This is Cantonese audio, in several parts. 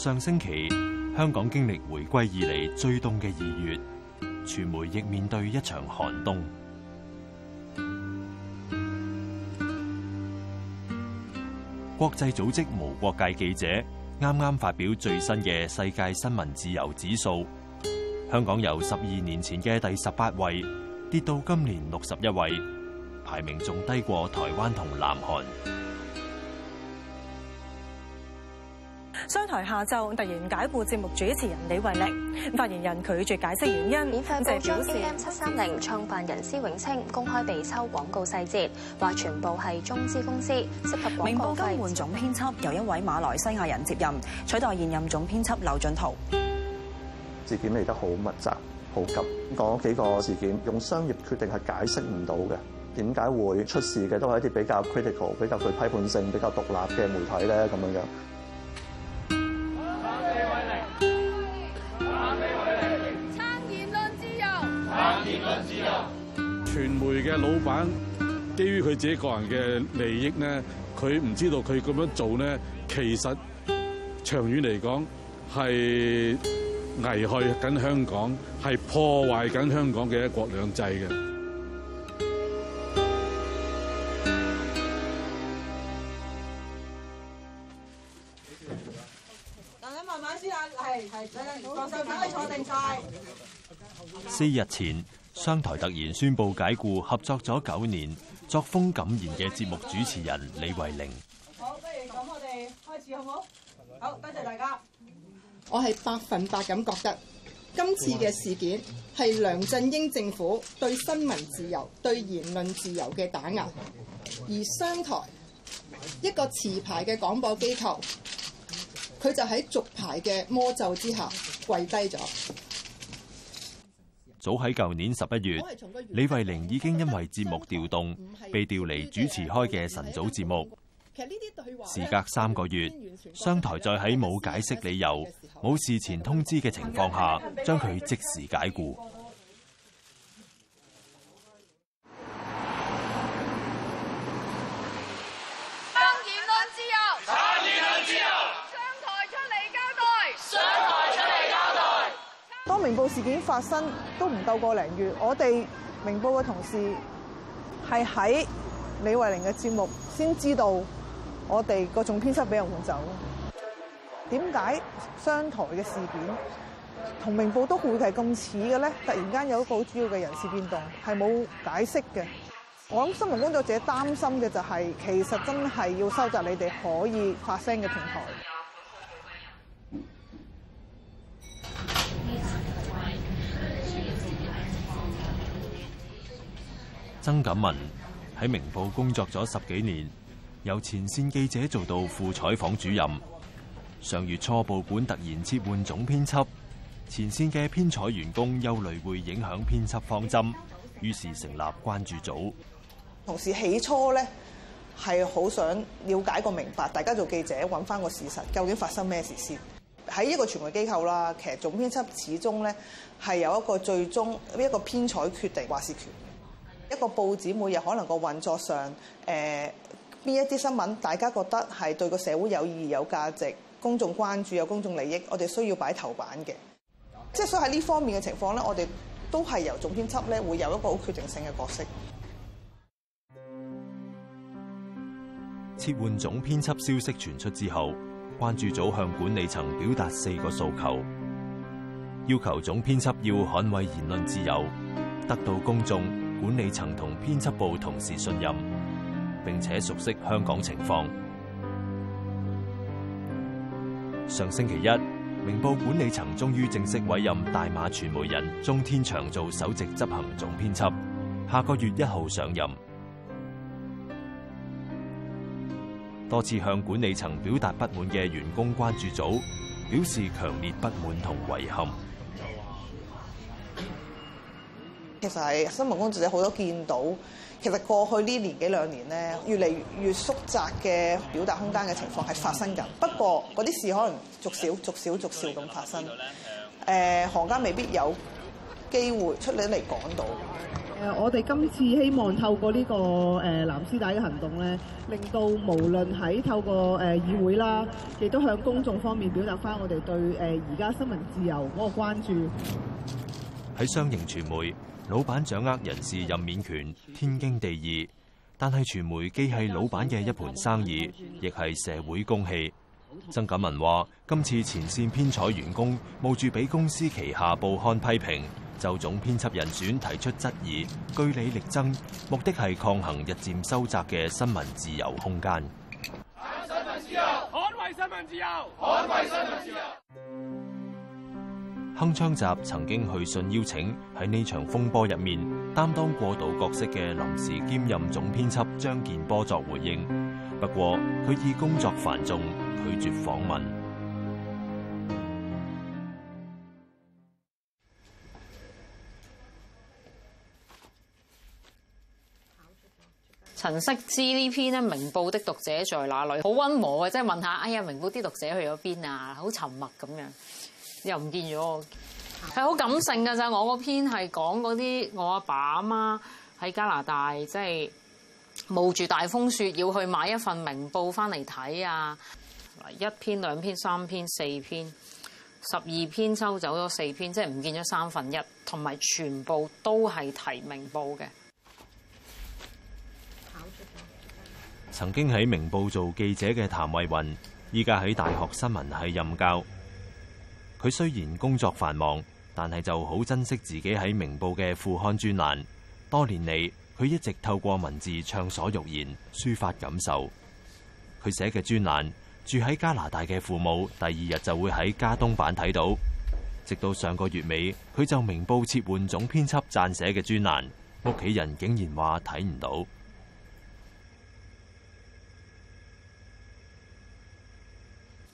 上星期，香港經歷回歸以嚟最凍嘅二月，傳媒亦面對一場寒冬。國際組織無國界記者啱啱發表最新嘅世界新聞自由指數，香港由十二年前嘅第十八位跌到今年六十一位，排名仲低過台灣同南韓。商台下晝突然解僱節目主持人李慧玲，發言人拒絕解釋原因。免費報章 am730 創辦人施永青公開被抽廣告細節，話全部係中資公司。合廣告明報更換總編輯，由一位馬來西亞人接任，取代現任總編輯劉俊濤。事件嚟得好密集，好急，嗰幾個事件用商業決定係解釋唔到嘅，點解會出事嘅？都係一啲比較 critical、比較具批判性、比較獨立嘅媒體咧，咁樣樣。傳媒嘅老闆，基於佢自己個人嘅利益呢，佢唔知道佢咁樣做呢，其實長遠嚟講，係危害緊香港，係破壞緊香港嘅一國兩制嘅。慢慢先啊，係係，老壽等你坐定晒。四日前。商台突然宣布解僱合作咗九年、作風敢言嘅節目主持人李慧玲。好，不如咁，我哋開始好唔好？好多謝大家。我係百分百咁覺得，今次嘅事件係梁振英政府對新聞自由、對言論自由嘅打壓，而商台一個持牌嘅廣播機構，佢就喺續牌嘅魔咒之下跪低咗。早喺舊年十一月，李慧玲已經因為節目調動，被調離主持開嘅晨早節目。時隔三個月，商台再喺冇解釋理由、冇事前通知嘅情況下，將佢即時解僱。報事件發生都唔夠個零月，我哋明報嘅同事係喺李慧玲嘅節目先知道我哋個總編輯俾人換走。點解商台嘅事件同明報都會係咁似嘅咧？突然間有一個主要嘅人事變動係冇解釋嘅。我諗新聞工作者擔心嘅就係，其實真係要收集你哋可以發聲嘅平台。曾錦文喺明報工作咗十幾年，由前線記者做到副採訪主任。上月初，報館突然撤換總編輯，前線嘅編採員工憂慮會影響編輯方針，於是成立關注組。同時起初呢係好想了解個明白，大家做記者揾翻個事實，究竟發生咩事先？喺一個傳媒機構啦，其實總編輯始終呢係有一個最終一個編採決定話事權。決定，決定一個報紙每日可能個運作上，誒、呃、邊一啲新聞，大家覺得係對個社會有意義、有價值、公眾關注、有公眾利益，我哋需要擺頭版嘅。即係所以喺呢方面嘅情況咧，我哋都係由總編輯咧會有一個好決定性嘅角色。撤換總編輯消息傳出之後，關注組向管理層表達四個訴求，要求總編輯要捍衛言論自由，得到公眾。管理層同編輯部同時信任，並且熟悉香港情況。上星期一，明報管理層終於正式委任大馬傳媒人鍾天祥做首席執行總編輯，下個月一號上任。多次向管理層表達不滿嘅員工關注組表示強烈不滿同遺憾。其實係新聞工作者好多見到，其實過去呢年幾兩年咧，越嚟越縮窄嘅表達空間嘅情況係發生緊。不過嗰啲事可能逐少逐少逐少咁發生，誒、呃、行家未必有機會出嚟嚟講到。我哋今次希望透過呢個誒藍絲帶嘅行動咧，令到無論喺透過誒議會啦，亦都向公眾方面表達翻我哋對誒而家新聞自由嗰個關注。喺商營傳媒。老闆掌握人事任免權，天經地義。但係傳媒既係老闆嘅一盤生意，亦係社會公器。曾錦文話：今次前線編採員工冒住俾公司旗下報刊批評，就總編輯人選提出質疑，據理力爭，目的係抗衡日漸收窄嘅新聞自由空間。捍衛新聞自由！《鏗鏘集》曾經去信邀請喺呢場風波入面擔當過渡角色嘅臨時兼任總編輯張健波作回應，不過佢以工作繁重拒絕訪問。陳識知呢篇咧，《明報》的讀者在哪裏很溫？好溫和啊，即係問下，哎呀，《明報》啲讀者去咗邊啊？好沉默咁樣。又唔見咗，係好感性嘅咋？我嗰篇係講嗰啲我阿爸阿媽喺加拿大，即係冒住大風雪要去買一份明報翻嚟睇啊！一篇、兩篇、三篇、四篇、十二篇，抽走咗四篇，即係唔見咗三分一，同埋全部都係提名報嘅。曾經喺明報做記者嘅譚慧雲，依家喺大學新聞系任教。佢雖然工作繁忙，但係就好珍惜自己喺《明報》嘅副刊專欄。多年嚟，佢一直透過文字暢所欲言，抒發感受。佢寫嘅專欄，住喺加拿大嘅父母第二日就會喺加東版睇到。直到上個月尾，佢就《明報》撤換總編輯撰，撰寫嘅專欄，屋企人竟然話睇唔到。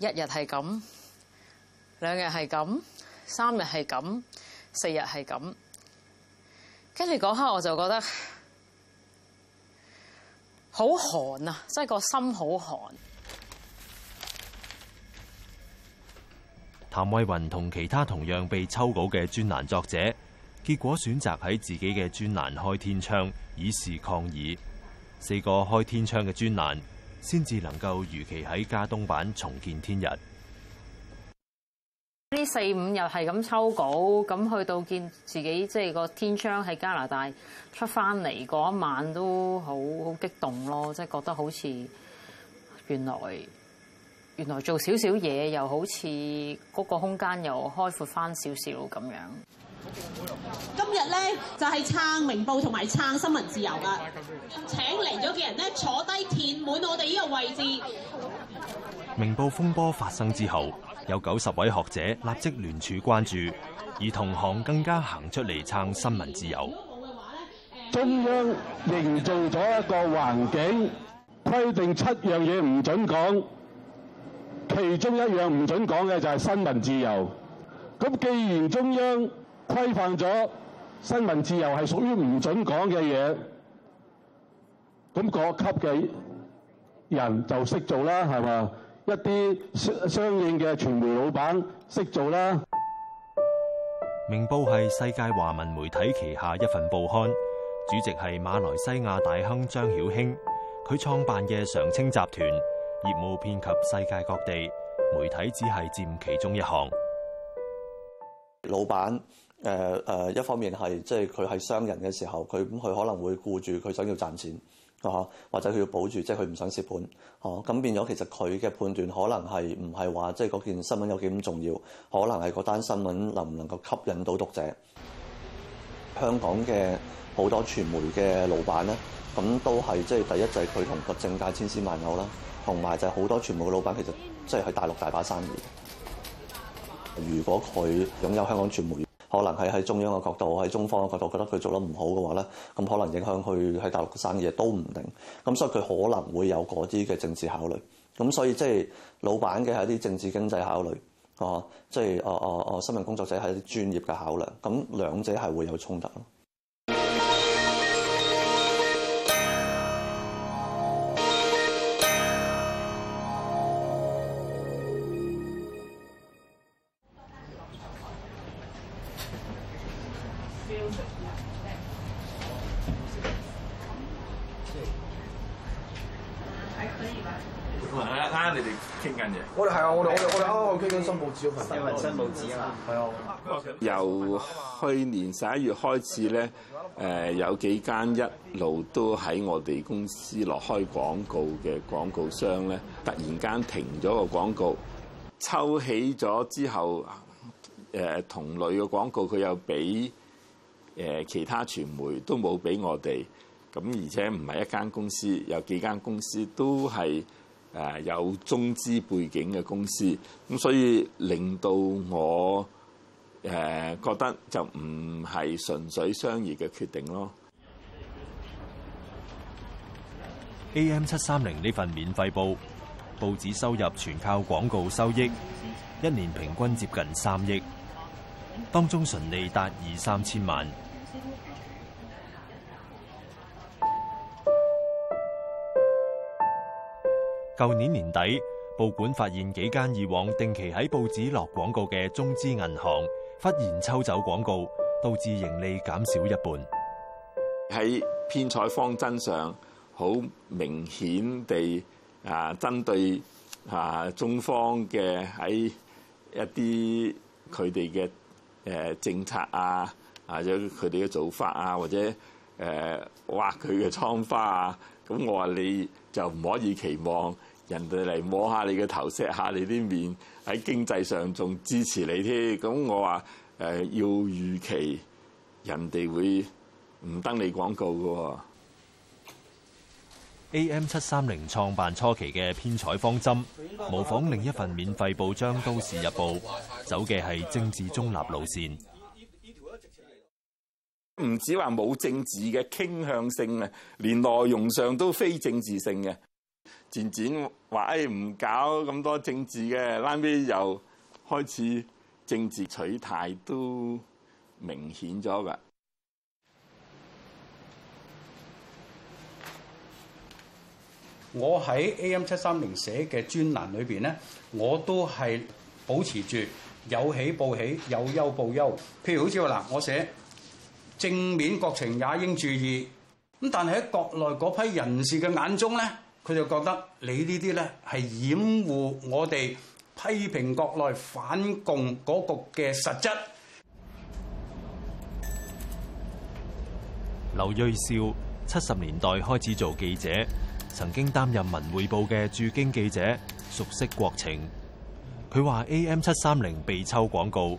一日係咁。兩日係咁，三日係咁，四日係咁，跟住嗰刻我就覺得好寒啊！真係個心好寒。譚慧雲同其他同樣被抽稿嘅專欄作者，結果選擇喺自己嘅專欄開天窗，以示抗議。四個開天窗嘅專欄，先至能夠如期喺加東版重見天日。呢四五日係咁抽稿，咁去到見自己即係個天窗喺加拿大出翻嚟嗰一晚都好好激動咯，即係覺得好似原來原來做少少嘢，又好似嗰個空間又開闊翻少少咁樣。今日咧就係、是、撐明報同埋撐新聞自由㗎，請嚟咗嘅人咧坐低填滿我哋呢個位置。明報風波發生之後。有九十位學者立即聯署關注，而同行更加行出嚟撐新聞自由。中央營造咗一個環境，規定七樣嘢唔準講，其中一樣唔準講嘅就係新聞自由。咁既然中央規範咗新聞自由係屬於唔準講嘅嘢，咁各級嘅人就識做啦，係嘛？一啲相應嘅傳媒老闆識做啦。明報係世界華文媒體旗下一份報刊，主席係馬來西亞大亨張曉卿。佢創辦嘅常青集團業務遍及世界各地，媒體只係佔其中一行老闆。老闆誒誒，一方面係即係佢係商人嘅時候，佢咁佢可能會顧住佢想要賺錢。啊，或者佢要保住，即係佢唔想蝕本，哦，咁變咗其實佢嘅判斷可能係唔係話即係件新聞有幾咁重要，可能係單新聞能唔能夠吸引到讀者？ 香港嘅好多傳媒嘅老闆咧，咁都係即係第一就係佢同個政界千絲萬縷啦，同埋就係好多傳媒嘅老闆其實即係喺大陸大把生意。如果佢擁有香港傳媒，可能係喺中央嘅角度，喺中方嘅角度，覺得佢做得唔好嘅話咧，咁可能影響佢喺大陸嘅生意都唔定。咁所以佢可能會有嗰啲嘅政治考慮。咁所以即係老闆嘅係一啲政治經濟考慮，啊、哦，即係啊啊啊新聞工作者係一啲專業嘅考量。咁兩者係會有衝突咯。傾緊嘢，我哋係啊！我哋我哋我哋啊，傾緊新報紙啊嘛，因為新報紙啊嘛，係啊。啊由去年十一月開始咧，誒有幾間一路都喺我哋公司落開廣告嘅廣告商咧，突然間停咗個廣告，抽起咗之後，誒同類嘅廣告佢又俾誒其他傳媒都冇俾我哋，咁而且唔係一間公司，有幾間公司都係。有中資背景嘅公司，咁所以令到我誒、呃、覺得就唔係純粹商業嘅決定咯。AM730 呢份免費報，報紙收入全靠廣告收益，一年平均接近三億，當中純利達二三千萬。舊年年底，報館發現幾間以往定期喺報紙落廣告嘅中資銀行，忽然抽走廣告，導致盈利減少一半。喺編採方針上，好明顯地啊，針對啊中方嘅喺一啲佢哋嘅誒政策啊，或者佢哋嘅做法啊，或者誒畫佢嘅窗花啊，咁我話你。就唔可以期望人哋嚟摸下你嘅頭，錫下你啲面，喺經濟上仲支持你添。咁我話誒、呃、要預期人哋會唔登你廣告嘅。AM 七三零創辦初期嘅編採方針，模仿另一份免費報章《都市日報》走嘅係政治中立路線。唔止話冇政治嘅傾向性啊，連內容上都非政治性嘅。漸漸話誒，唔搞咁多政治嘅，拉尾又開始政治取態都明顯咗噶。我喺 AM730 寫嘅專欄裏邊咧，我都係保持住有喜報喜，有憂報憂。譬如好似話嗱，我寫。正面國情也應注意，咁但係喺國內嗰批人士嘅眼中呢，佢就覺得你呢啲呢係掩護我哋批評國內反共嗰局嘅實質。嗯。劉瑞兆七十年代開始做記者，曾經擔任文匯報嘅駐京記者，熟悉國情。佢話 am730 被抽廣告。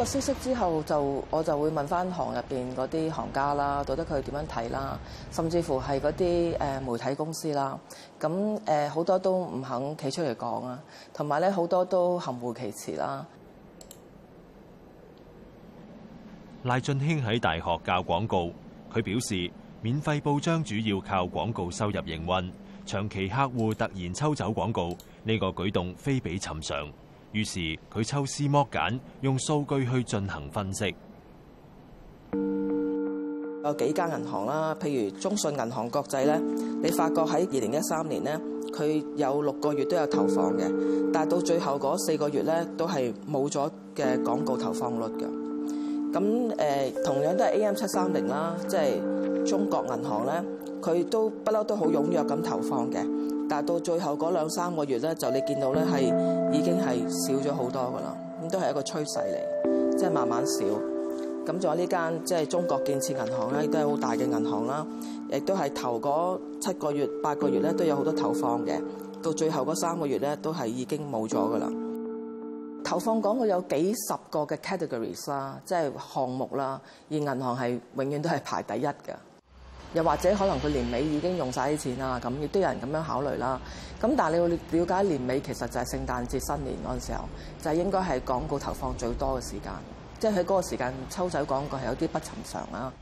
這個消息之後，就我就會問翻行入邊嗰啲行家啦，到底佢點樣睇啦？甚至乎係嗰啲誒媒體公司啦，咁誒好多都唔肯企出嚟講啊，同埋咧好多都含糊其辭啦。賴俊興喺大學教廣告，佢表示免費報章主要靠廣告收入營運，長期客戶突然抽走廣告，呢、這個舉動非比尋常。於是佢抽絲剝繭，用數據去進行分析。有幾間銀行啦，譬如中信銀行國際咧，你發覺喺二零一三年咧，佢有六個月都有投放嘅，但係到最後嗰四個月咧，都係冇咗嘅廣告投放率嘅。咁誒、呃，同樣都係 AM 七三零啦，即係中國銀行咧，佢都不嬲都好踴躍咁投放嘅。但到最後嗰兩三個月咧，就你見到咧係已經係少咗好多噶啦，咁都係一個趨勢嚟，即係慢慢少。咁仲有呢間即係中國建設銀行咧，亦都係好大嘅銀行啦，亦都係頭嗰七個月、八個月咧都有好多投放嘅，到最後嗰三個月咧都係已經冇咗噶啦。投放廣告有幾十個嘅 categories 啦，即係項目啦，而銀行係永遠都係排第一㗎。又或者可能佢年尾已經用晒啲錢啦，咁亦都有人咁樣考慮啦。咁但係你要了解年尾其實就係聖誕節、新年嗰陣時候，就應該係廣告投放最多嘅時間，即係喺嗰個時間抽走廣告係有啲不尋常啦。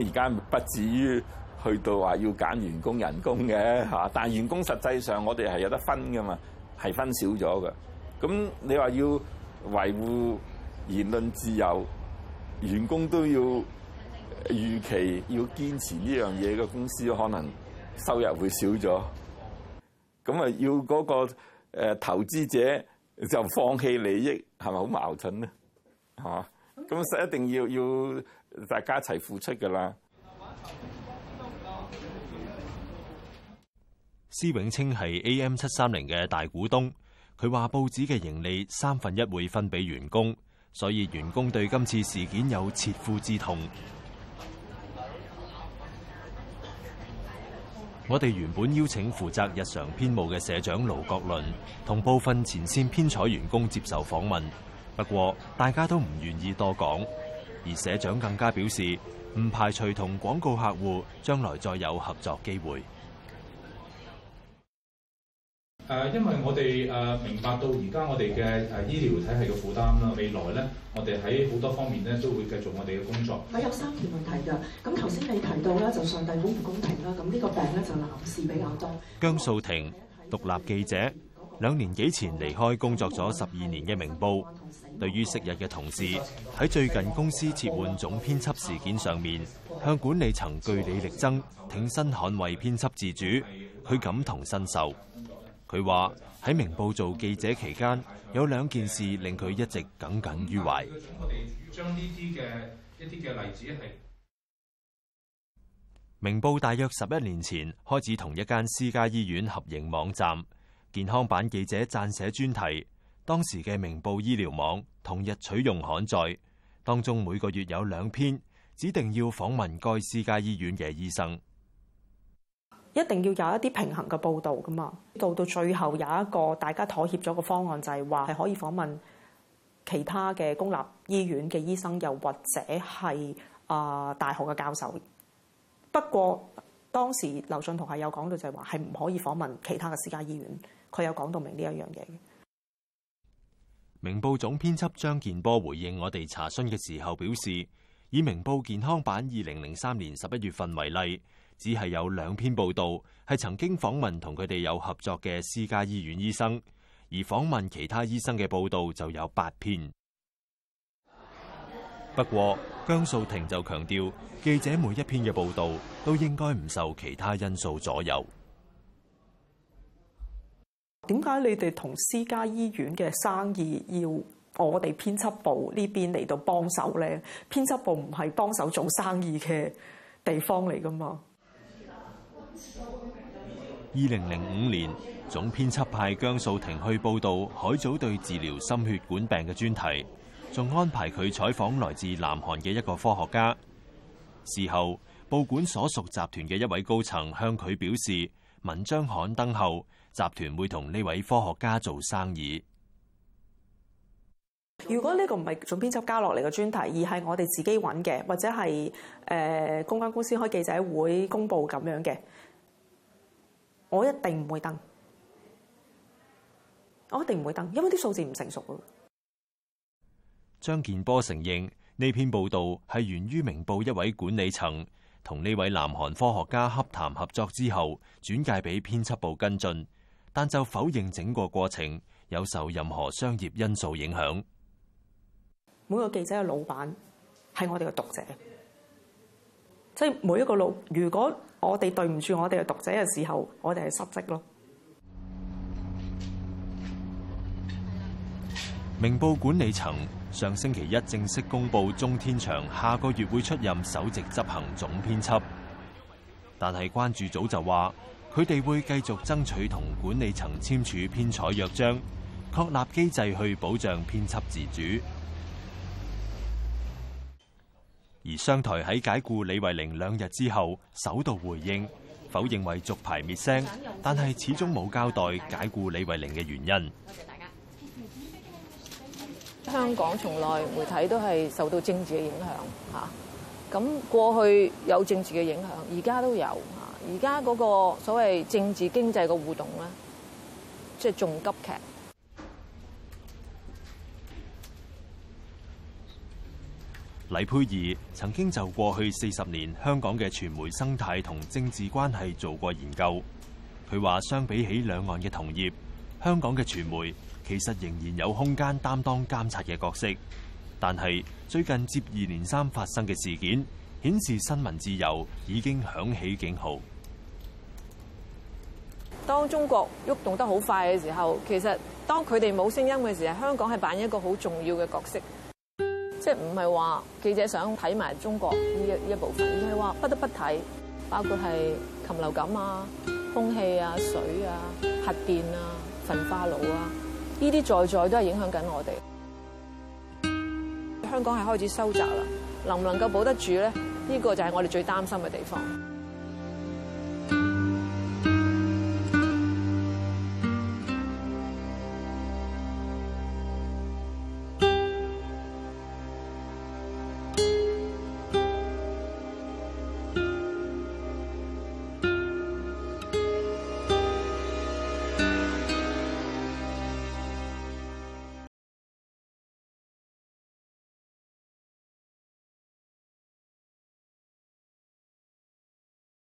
而家不至於去到話要揀員工人工嘅嚇，但係員工實際上我哋係有得分㗎嘛，係分少咗嘅。咁你話要維護言論自由？員工都要預期，要堅持呢樣嘢嘅公司，可能收入會少咗。咁啊，要嗰個誒投資者就放棄利益，係咪好矛盾呢？嚇，咁實一,一定要要大家一齊付出噶啦。施永青係 AM 七三零嘅大股東，佢話報紙嘅盈利三分一會分俾員工。所以員工對今次事件有切膚之痛。我哋原本邀請負責日常編務嘅社長盧覺麟同部分前線編採員工接受訪問，不過大家都唔願意多講，而社長更加表示唔排除同廣告客戶將來再有合作機會。誒，因為我哋誒明白到而家我哋嘅誒醫療體系嘅負擔啦。未來咧，我哋喺好多方面咧都會繼續我哋嘅工作。有三條問題㗎。咁頭先你提到咧，就上帝好唔公平啦。咁呢個病咧就男士比較多。姜素婷，獨立記者，兩年幾前離開工作咗十二年嘅明報，對於昔日嘅同事喺最近公司撤換總編輯事件上面向管理層據理力爭，挺身捍衛編輯自主，佢感同身受。佢話：喺明報做記者期間，有兩件事令佢一直耿耿於懷。我哋將呢啲嘅一啲嘅例子。係明報大約十一年前，開始同一間私家醫院合營網站健康版記者撰寫專題，當時嘅明報醫療網同日取用刊載，當中每個月有兩篇指定要訪問該私家醫院嘅醫生。一定要有一啲平衡嘅報道，噶嘛，到到最後有一個大家妥協咗個方案，就係話係可以訪問其他嘅公立醫院嘅醫生，又或者係啊大學嘅教授。不過當時劉俊同係有講到就係話係唔可以訪問其他嘅私家醫院，佢有講到明呢一樣嘢嘅。明報總編輯張健波回應我哋查詢嘅時候表示，以明報健康版二零零三年十一月份為例。只係有兩篇報道係曾經訪問同佢哋有合作嘅私家醫院醫生，而訪問其他醫生嘅報道就有八篇。不過，姜素婷就強調，記者每一篇嘅報道都應該唔受其他因素左右。點解你哋同私家醫院嘅生意要我哋編輯部呢邊嚟到幫手呢？編輯部唔係幫手做生意嘅地方嚟㗎嘛？二零零五年，總編輯派姜素婷去報道海藻對治療心血管病嘅專題，仲安排佢採訪來自南韓嘅一個科學家。事後，報館所屬集團嘅一位高層向佢表示，文章刊登後，集團會同呢位科學家做生意。如果呢個唔係總編輯交落嚟嘅專題，而係我哋自己揾嘅，或者係誒、呃、公關公司開記者會公布咁樣嘅。我一定唔會登，我一定唔會登，因為啲數字唔成熟啊！張健波承認呢篇報導係源於明報一位管理層同呢位南韓科學家洽談合作之後，轉介俾編輯部跟進，但就否認整個過程有受任何商業因素影響。每個記者嘅老闆係我哋嘅讀者。即係每一個路，如果我哋對唔住我哋嘅讀者嘅時候，我哋係失職咯。明報管理層上星期一正式公布，鍾天祥下個月會出任首席執行總編輯，但係關注組就話佢哋會繼續爭取同管理層簽署編採約章，確立機制去保障編輯自主。而商台喺解僱李慧玲兩日之後，首度回應否認為續牌滅聲，但係始終冇交代解僱李慧玲嘅原因。多謝大家。香港從來媒體都係受到政治嘅影響吓，咁過去有政治嘅影響，而家都有吓，而家嗰個所謂政治經濟嘅互動咧，即係仲急劇。李佩儀曾經就過去四十年香港嘅傳媒生態同政治關係做過研究。佢話相比起兩岸嘅同業，香港嘅傳媒其實仍然有空間擔當監察嘅角色。但係最近接二連三發生嘅事件，顯示新聞自由已經響起警號。當中國喐動得好快嘅時候，其實當佢哋冇聲音嘅時候，香港係扮演一個好重要嘅角色。即係唔係話記者想睇埋中國呢一一部分，而係話不得不睇，包括係禽流感啊、空氣啊、水啊、核電啊、焚化爐啊，呢啲在在都係影響緊我哋。香港係開始收窄啦，能唔能夠保得住咧？呢個就係我哋最擔心嘅地方。